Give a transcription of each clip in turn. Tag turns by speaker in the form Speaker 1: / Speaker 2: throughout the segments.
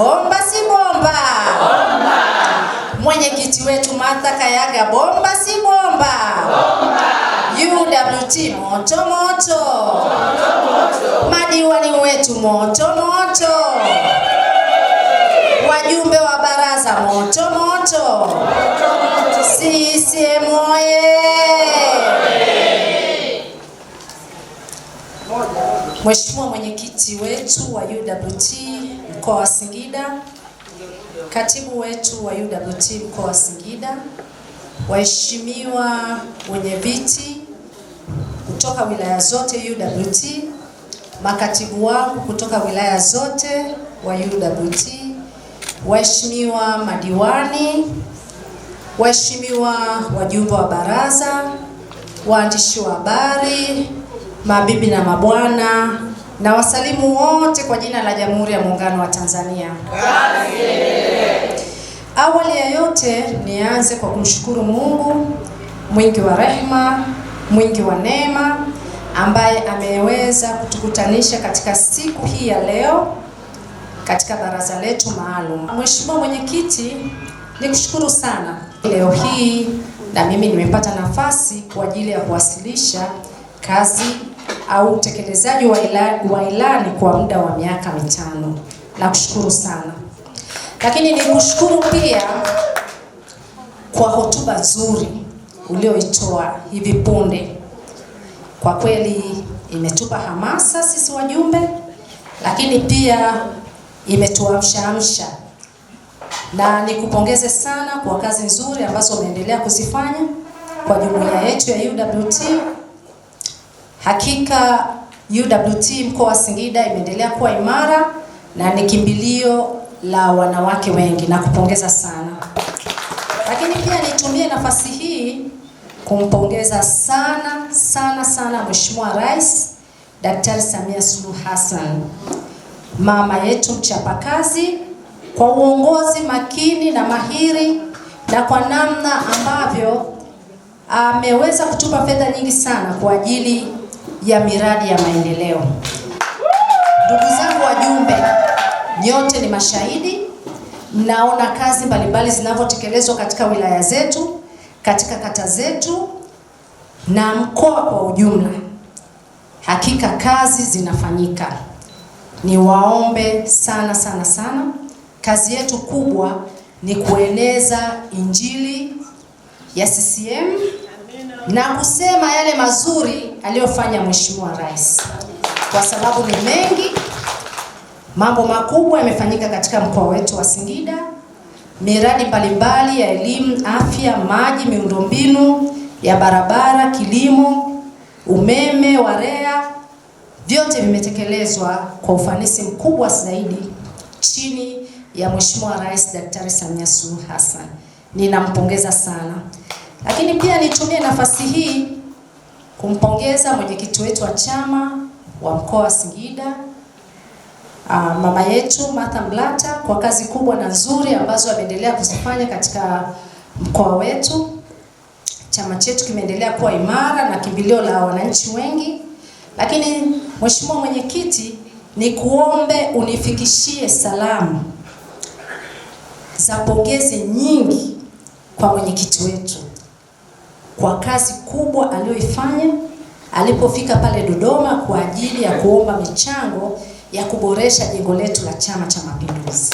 Speaker 1: bomba si bomba, bomba. Mwenyekiti wetu Martha Kayaga bomba si bomba,
Speaker 2: bomba.
Speaker 1: UWT moto moto,
Speaker 2: moto, moto.
Speaker 1: Madiwani wetu moto moto, wajumbe wa baraza moto moto, moto,
Speaker 2: moto.
Speaker 1: CCM oye! Mheshimiwa mwenyekiti wetu wa UWT mkoa wa Singida, katibu wetu wa UWT mkoa wa Singida, waheshimiwa wenye viti kutoka wilaya zote UWT, makatibu wangu kutoka wilaya zote wa UWT, waheshimiwa madiwani, waheshimiwa wajumbe wa baraza, waandishi wa habari, mabibi na mabwana na wasalimu wote kwa jina la Jamhuri ya Muungano wa Tanzania. Awali ya yote nianze kwa kumshukuru Mungu mwingi wa rehema, mwingi wa neema ambaye ameweza kutukutanisha katika siku hii ya leo katika baraza letu maalum. Mheshimiwa Mwenyekiti, nikushukuru sana leo hii na mimi nimepata nafasi kwa ajili ya kuwasilisha kazi au utekelezaji wa ilani, wa ilani kwa muda wa miaka mitano. Nakushukuru sana, lakini nikushukuru pia kwa hotuba nzuri ulioitoa hivi punde. Kwa kweli imetupa hamasa sisi wajumbe, lakini pia imetuamshaamsha na nikupongeze sana kwa kazi nzuri ambazo umeendelea kuzifanya kwa jumuiya yetu ya UWT. Hakika UWT mkoa wa Singida imeendelea kuwa imara na ni kimbilio la wanawake wengi na kupongeza sana. Lakini pia nitumie nafasi hii kumpongeza sana sana sana Mheshimiwa Rais Daktari Samia Suluhu Hassan, mama yetu mchapakazi, kwa uongozi makini na mahiri na kwa namna ambavyo ameweza kutupa fedha nyingi sana kwa ajili ya miradi ya maendeleo. Ndugu zangu wajumbe, nyote ni mashahidi, mnaona kazi mbalimbali zinavyotekelezwa katika wilaya zetu, katika kata zetu na mkoa kwa ujumla. Hakika kazi zinafanyika. Niwaombe sana sana sana, kazi yetu kubwa ni kueneza injili ya CCM na kusema yale mazuri aliyofanya Mheshimiwa Rais, kwa sababu ni mengi. Mambo makubwa yamefanyika katika mkoa wetu wa Singida, miradi mbalimbali ya elimu, afya, maji, miundombinu ya barabara, kilimo, umeme wa REA, vyote vimetekelezwa kwa ufanisi mkubwa zaidi chini ya Mheshimiwa Rais Daktari Samia Suluhu Hassan. Ninampongeza sana. Lakini pia nitumie nafasi hii kumpongeza mwenyekiti wetu wa chama wa mkoa wa Singida Uh, mama yetu Martha Mlata kwa kazi kubwa na nzuri ambazo ameendelea kuzifanya katika mkoa wetu. Chama chetu kimeendelea kuwa imara na kimbilio la wananchi wengi, lakini mheshimiwa mwenyekiti, ni kuombe unifikishie salamu za pongezi nyingi kwa mwenyekiti wetu kwa kazi kubwa aliyoifanya alipofika pale Dodoma kwa ajili ya kuomba michango ya kuboresha jengo letu la Chama cha Mapinduzi.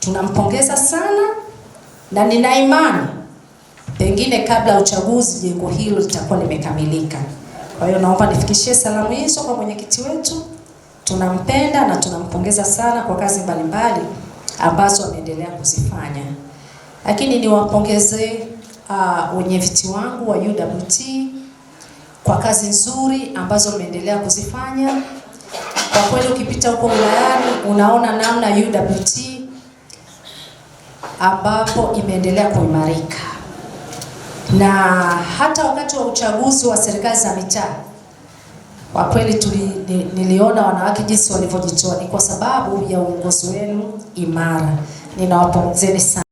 Speaker 1: Tunampongeza sana na nina imani pengine kabla ya uchaguzi jengo hilo litakuwa limekamilika. Kwa hiyo naomba nifikishie salamu hizo kwa mwenyekiti wetu. Tunampenda na tunampongeza sana kwa kazi mbalimbali ambazo ameendelea kuzifanya. Lakini niwapongeze uh, wenyeviti wangu wa UWT kwa kazi nzuri ambazo mmeendelea kuzifanya. Kwa kweli ukipita huko wilayani unaona namna UWT ambapo imeendelea kuimarika, na hata wakati wa uchaguzi wa serikali za mitaa kwa kweli tuli, niliona wanawake jinsi walivyojitoa. Ni kwa sababu ya uongozi wenu imara, ninawapongezeni sana.